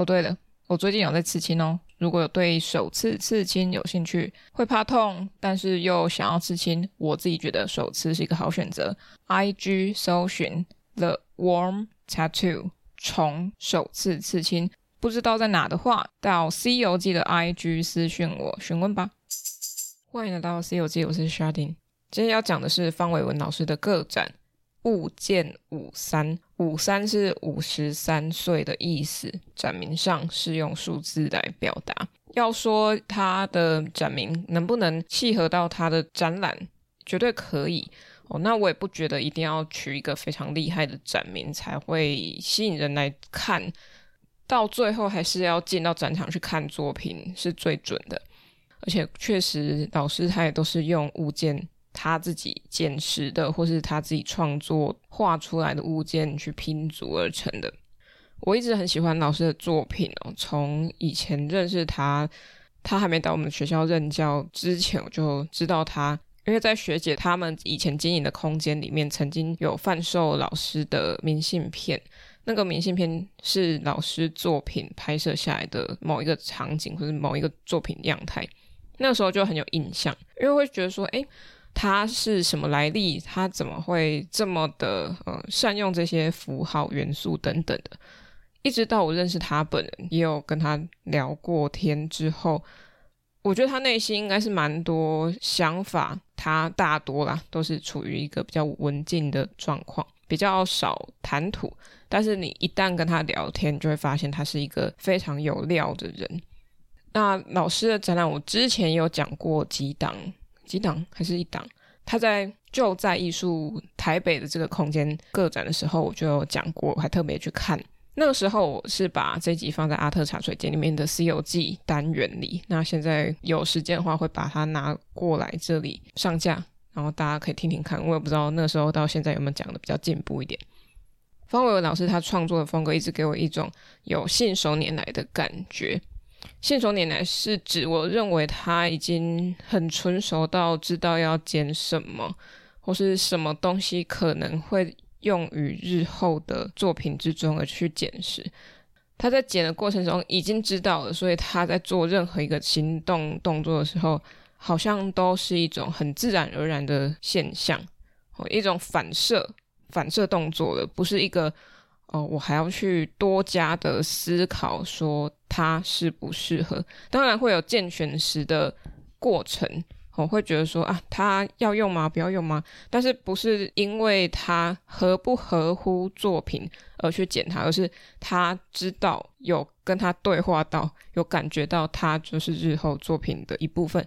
哦，oh, 對了，我最近有在刺青哦。如果有對手刺刺青有興趣，會怕痛，但是又想要刺青，我自己覺得手刺是一個好選擇。IG 搜尋 The Warm Tattoo，蟲手刺刺青。不知道在哪的話，到 C 遊記的 IG 私訊我詢問吧。歡迎來到 C 遊記，我是 Sharding。今天要講的是方偉文老師的個展《物件五三》。五三是五十三歲的意思，展名上是用數字來表達。要說他的展名能不能契合到他的展覽，絕對可以哦。那我也不覺得一定要取一個非常厲害的展名才會吸引人來看，到最後還是要進到展場去看作品是最準的。而且確實，老師他也都是用物件。他自己撿拾的，或是他自己創作畫出來的物件去拼組而成的。我一直很喜歡老師的作品哦、喔。從以前認識他，他還沒到我們學校任教之前，我就知道他，因為在學姐他們以前經營的空間裡面，曾經有販售老師的明信片。那個明信片是老師作品拍攝下來的某一個場景，或是某一個作品樣態。那時候就很有印象，因為我會覺得說：“哎、欸。”他是什麼來歷？他怎麼會這麼的呃、嗯、善用這些符號元素等等的？一直到我認識他本人，也有跟他聊過天之後，我覺得他內心應該是蠻多想法。他大多啦都是處於一個比較文靜的狀況，比較少談吐。但是你一旦跟他聊天，你就會發現他是一個非常有料的人。那老師的展覽，我之前有講過幾檔。幾檔還是一檔？他在，就在藝術台北的這個空間個展的時候我，我就有講過，還特別去看。那個時候我是把這集放在阿特茶水間裡面的《C 遊記》單元裡。那現在有時間的話，會把它拿過來這裡上架，然後大家可以聽聽看。我也不知道那時候到現在有沒有講得比較進步一點。方偉文老師他創作的風格一直給我一種有信手拈來的感覺。信手拈來是指我認為他已經很純熟到知道要剪什麼，或是什麼東西可能會用於日後的作品之中而去剪時，他在剪的過程中已經知道了，所以他在做任何一個行動動作的時候，好像都是一種很自然而然的現象，哦，一種反射、反射動作的，不是一個。哦，我還要去多加的思考，說他適不適合，當然會有鑑選時的過程。我、哦、會覺得說啊，他要用嗎？不要用嗎？但是不是因為他合不合乎作品而去撿它，而是他知道有跟他對話到，有感覺到他就是日後作品的一部分，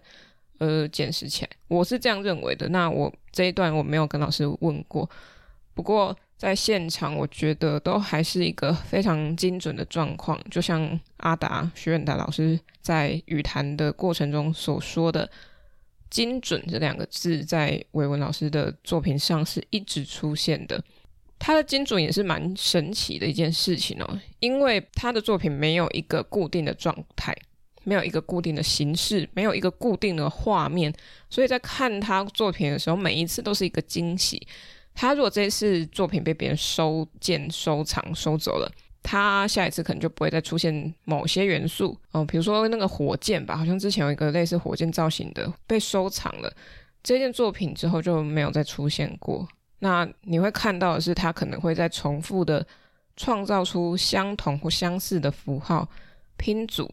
而撿拾前，我是這樣認為的。那我這一段我沒有跟老師問過，不過。在現場，我覺得都還是一個非常精準的狀況。就像阿達許遠達老師在與談的過程中所說的，“精準”這兩個字，在偉文老師的作品上是一直出現的。他的精準也是蠻神奇的一件事情哦，因為他的作品沒有一個固定的狀態，沒有一個固定的形式，沒有一個固定的畫面，所以在看他作品的時候，每一次都是一個驚喜。他如果這一次作品被別人收件、收藏、收走了，他下一次可能就不會再出現某些元素，嗯，比如說那個火箭吧，好像之前有一個類似火箭造型的被收藏了，這件作品之後就沒有再出現過。那你會看到的是，他可能會再重複的創造出相同或相似的符號拼組。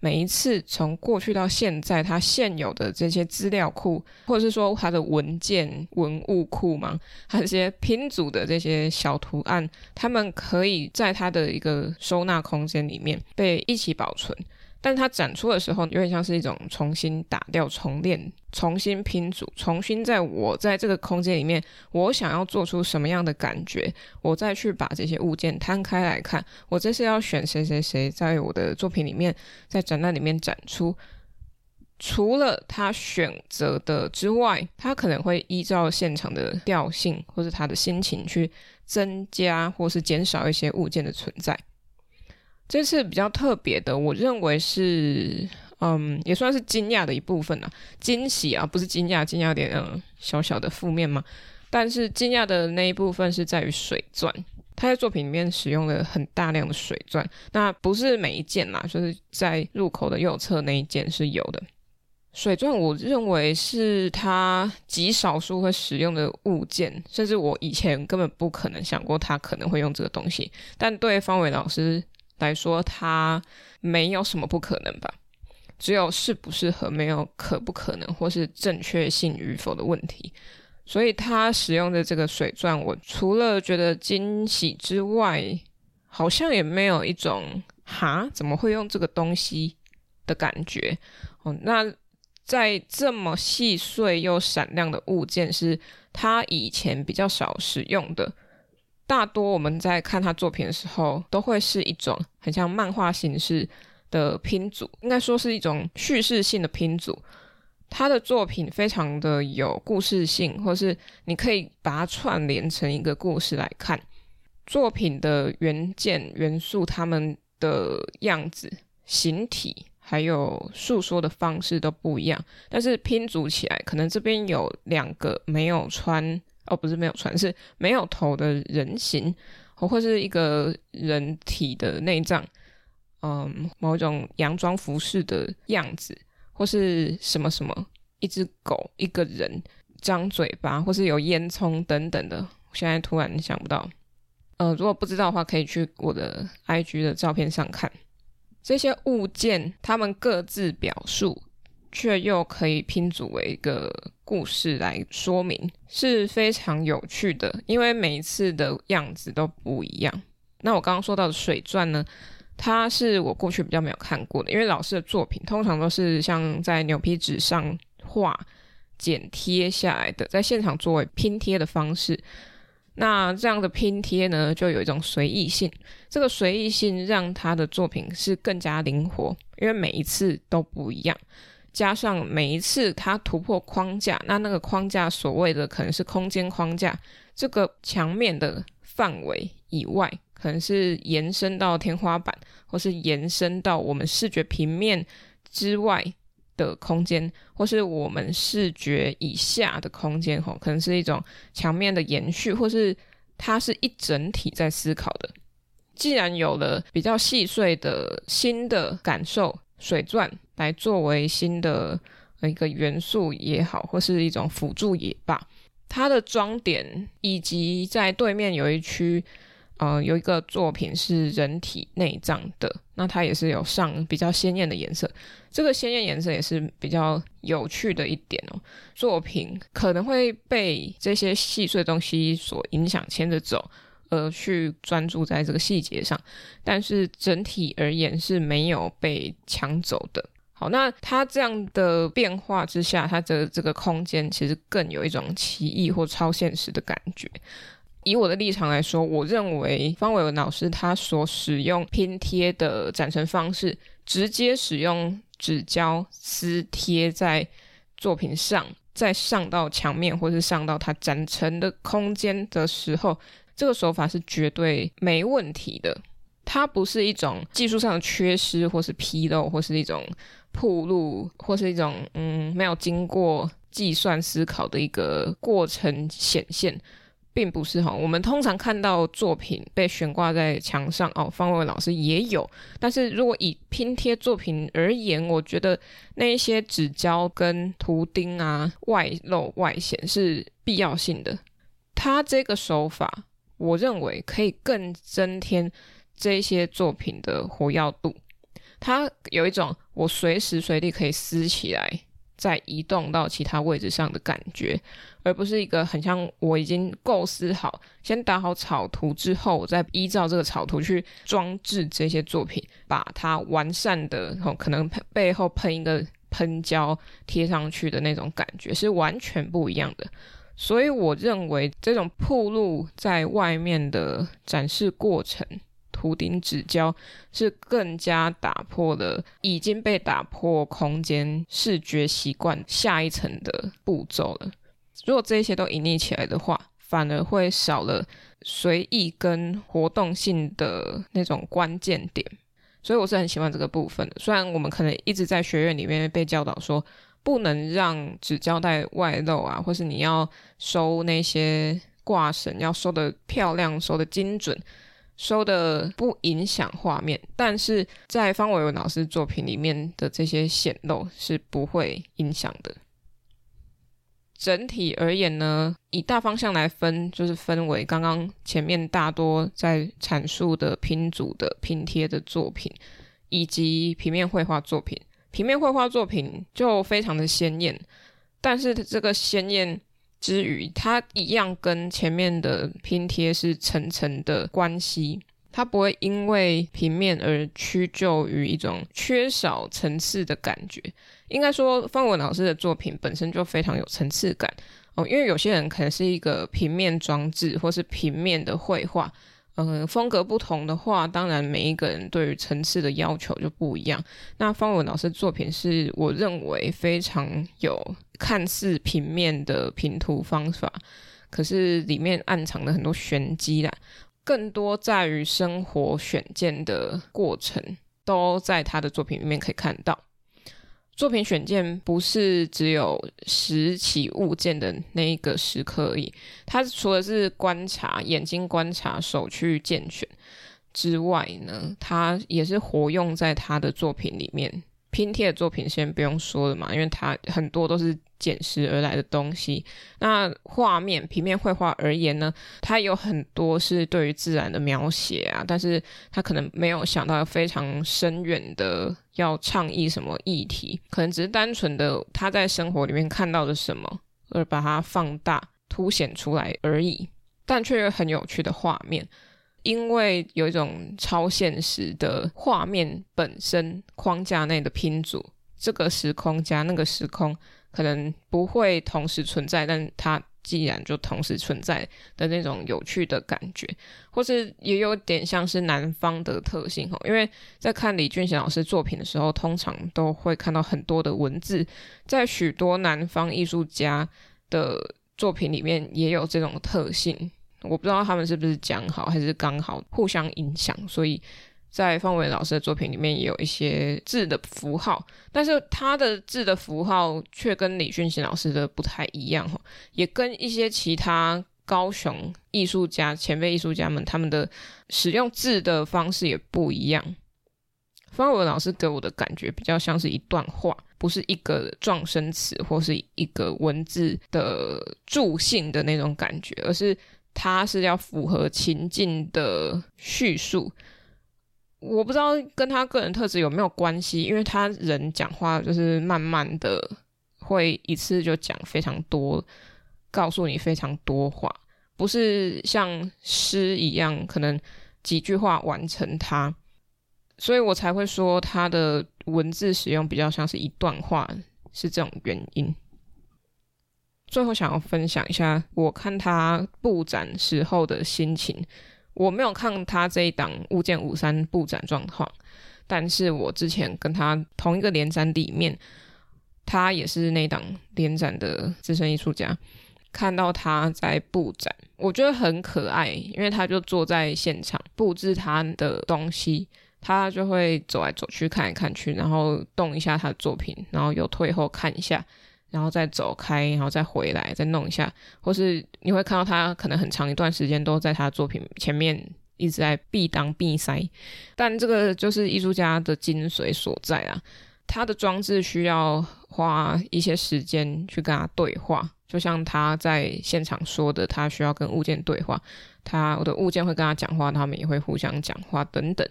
每一次從過去到現在，它現有的這些資料庫，或者是說它的文件、文物庫嘛，它這些拼組的這些小圖案，它們可以在它的一個收納空間裡面被一起保存。但他展出的時候，有點像是一種重新打掉、重練、重新拼組、重新在我在這個空間裡面，我想要做出什麼樣的感覺，我再去把這些物件攤開來看。我這次要選誰誰誰在我的作品裡面，在展覽裡面展出，除了他選擇的之外，他可能會依照現場的調性或者他的心情去增加或是減少一些物件的存在。這次比較特別的，我認為是，嗯，也算是驚訝的一部分啊，驚喜啊，不是驚訝，驚訝有點，嗯、呃，小小的負面嘛。但是驚訝的那一部分是在於水鑽，他在作品裡面使用了很大量的水鑽，那不是每一件啦，就是在入口的右側那一件是有的。水鑽，我認為是他極少數會使用的物件，甚至我以前根本不可能想過他可能會用這個東西。但對方偉老師來說，它沒有什麼不可能吧，只有適不適合沒有可不可能，或是正確性與否的問題。所以，他使用的這個水鑽，我除了覺得驚喜之外，好像也沒有一種“哈，怎麼會用這個東西”的感覺。哦，那在這麼細碎又閃亮的物件，是他以前比較少使用的。大多我們在看他作品的時候，都會是一種很像漫畫形式的拼組，應該說是一種敘事性的拼組。他的作品非常的有故事性，或是你可以把它串聯成一個故事來看。作品的元件元素，他們的樣子、形體，還有述說的方式都不一樣，但是拼組起來，可能這邊有兩個沒有穿。哦，不是沒有船，是沒有頭的人形，或是一個人體的內臟，嗯，某一種洋裝服飾的樣子，或是什麼什麼，一隻狗，一個人張嘴巴，或是有煙囪等等的。我現在突然想不到，呃，如果不知道的話，可以去我的 IG 的照片上看這些物件，他們各自表述。卻又可以拼組為一個故事來說明，是非常有趣的。因為每一次的樣子都不一樣。那我剛剛說到的水鑽呢，它是我過去比較沒有看過的。因為老師的作品通常都是像在牛皮紙上畫、剪貼下來的，在現場作為拼貼的方式。那這樣的拼貼呢，就有一種隨意性。這個隨意性讓他的作品是更加靈活，因為每一次都不一樣。加上每一次它突破框架，那那個框架所謂的可能是空間框架，這個牆面的範圍以外，可能是延伸到天花板，或是延伸到我們視覺平面之外的空間，或是我們視覺以下的空間。吼，可能是一種牆面的延續，或是它是一整體在思考的。既然有了比較細碎的新的感受，水鑽。來作為新的一個元素也好，或是一種輔助也罷，它的裝點以及在對面有一區，呃，有一個作品是人體內臟的，那它也是有上比較鮮豔的顏色。這個鮮豔顏色也是比較有趣的一點哦。作品可能會被這些細碎的東西所影響牽着走，呃，去專注在這個細節上，但是整體而言是沒有被搶走的。好，那它這樣的變化之下，它的這個空間其實更有一種奇異或超現實的感覺。以我的立場來說，我認為方偉文老師他所使用拼貼的展陳方式，直接使用紙膠撕貼在作品上，再上到牆面或是上到他展陳的空間的時候，這個手法是絕對沒問題的。它不是一種技術上的缺失，或是紕漏，或是一種暴露，或是一種，露或是一種嗯，沒有經過計算思考的一個過程顯現，並不是哈。我們通常看到作品被懸掛在牆上哦，方偉文老師也有。但是如果以拼貼作品而言，我覺得那一些紙膠跟圖釘啊外露外顯是必要性的。他這個手法，我認為可以更增添。這些作品的活躍度，它有一種我隨時隨地可以撕起來，再移動到其他位置上的感覺，而不是一個很像我已經構思好，先打好草圖之後，我再依照這個草圖去裝置這些作品，把它完善的、哦，可能背後噴一個噴膠貼上去的那種感覺，是完全不一樣的。所以我認為這種暴露在外面的展示過程。圖釘、紙膠是更加打破了已經被打破空間視覺習慣下一層的步驟了。如果這些都隱匿起來的話，反而會少了隨意跟活動性的那種關鍵點。所以我是很喜歡這個部分的。雖然我們可能一直在學院裡面被教導說，不能讓紙膠帶外露啊，或是你要收那些掛繩要收得漂亮、收得精準，收的不影響畫面，但是在方偉文老師作品裡面的這些顯露是不會影響的。整體而言呢，以大方向來分，就是分為剛剛前面大多在闡述的拼組的拼貼的作品，以及平面繪畫作品。平面繪畫作品就非常的鮮豔，但是這個鮮豔。之餘，它一樣跟前面的拼貼是層層的關係，它不會因為平面而屈就於一種缺少層次的感覺。應該說，方文老師的作品本身就非常有層次感哦。因為有些人可能是一個平面裝置，或是平面的繪畫，嗯、呃，風格不同的話，當然每一個人對於層次的要求就不一樣。那方文老師作品是我認為非常有。看似平面的拼圖方法，可是裡面暗藏了很多玄機啦。更多在於生活選件的過程，都在他的作品裡面可以看到。作品選件不是只有拾起物件的那一個時刻而已，他除了是觀察眼睛觀察，手去揀選之外呢，他也是活用在他的作品裡面。拼貼的作品先不用說了嘛，因為它很多都是撿拾而來的東西。那畫面，平面繪畫而言呢，它有很多是對於自然的描寫啊，但是它可能沒有想到要非常深遠的要倡議什麼議題，可能只是單純的他在生活裡面看到的什麼，而把它放大、凸顯出來而已，但卻有很有趣的畫面。因為有一種超現實的畫面本身框架內的拼組，這個時空加那個時空可能不會同時存在，但它既然就同時存在的那種有趣的感覺，或是也有點像是南方的特性。因為在看李俊賢老師作品的時候，通常都會看到很多的文字，在許多南方藝術家的作品裡面也有這種特性。我不知道他們是不是講好還是剛好互相影響，所以在方偉老師的作品裡面也有一些字的符號，但是他的字的符號卻跟李俊賢老師的不太一樣哈，也跟一些其他高雄藝術家前輩藝術家們他們的使用字的方式也不一樣。方偉老師給我的感覺比較像是一段話，不是一個狀聲詞或是一個文字的助興的那種感覺，而是。他是要符合情境的敘述，我不知道跟他個人特質有沒有關係，因為他人講話就是慢慢的，會一次就講非常多，告訴你非常多話，不是像詩一樣，可能幾句話完成它，所以我才會說他的文字使用比較像是一段話，是這種原因。最後想要分享一下我看他布展時候的心情。我沒有看他這一檔物件五三布展狀況，但是我之前跟他同一個聯展裡面，他也是那檔聯展的資深藝術家。看到他在布展，我覺得很可愛，因為他就坐在現場布置他的東西，他就會走來走去，看來看去，然後動一下他的作品，然後又退後看一下。然後再走開，然後再回來，再弄一下，或是你會看到他可能很長一段時間都在他的作品前面一直在避當避塞，但這個就是藝術家的精髓所在啊。他的裝置需要花一些時間去跟他對話，就像他在現場說的，他需要跟物件對話，他我的物件會跟他講話，他們也會互相講話等等。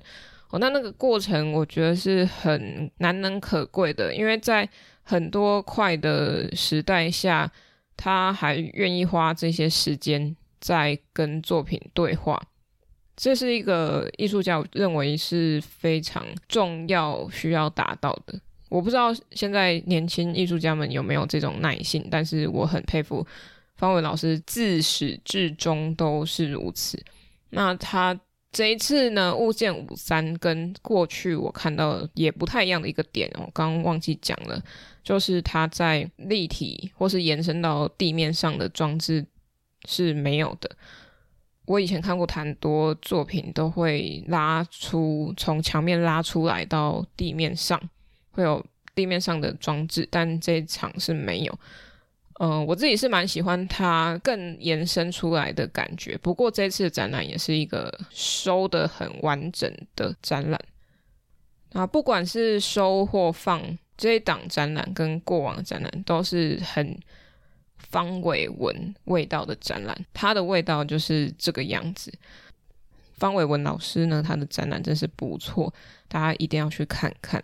哦，那那個過程我覺得是很難能可貴的，因為在很多快的時代下，他還願意花這些時間在跟作品對話，這是一個藝術家我認為是非常重要、需要達到的。我不知道現在年輕藝術家們有沒有這種耐性，但是我很佩服方偉文老師自始至終都是如此。那他。這一次呢，物件53跟過去我看到的也不太一樣的一個點，我剛剛忘記講了，就是它在立體或是延伸到地面上的裝置是沒有的。我以前看過很多作品都會拉出，從牆面拉出來到地面上，會有地面上的裝置，但這一場是沒有。嗯、呃，我自己是蠻喜歡它更延伸出來的感覺。不過這次的展覽也是一個收得很完整的展覽。啊，不管是收或放，這一檔展覽跟過往的展覽都是很方偉文味道的展覽。它的味道就是這個樣子。方偉文老師呢，他的展覽真是不錯，大家一定要去看看。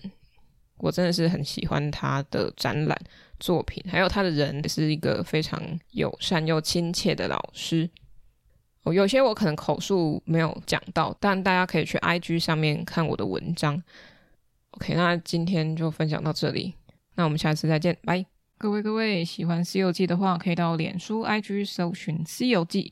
我真的是很喜歡他的展覽作品，還有他的人也是一個非常友善又親切的老師。哦，有些我可能口述沒有講到，但大家可以去 IG 上面看我的文章。OK，那今天就分享到這裡，那我們下次再見，拜。各位各位，喜歡《C 遊記》的話，可以到臉書 IG 搜尋《C 遊記》。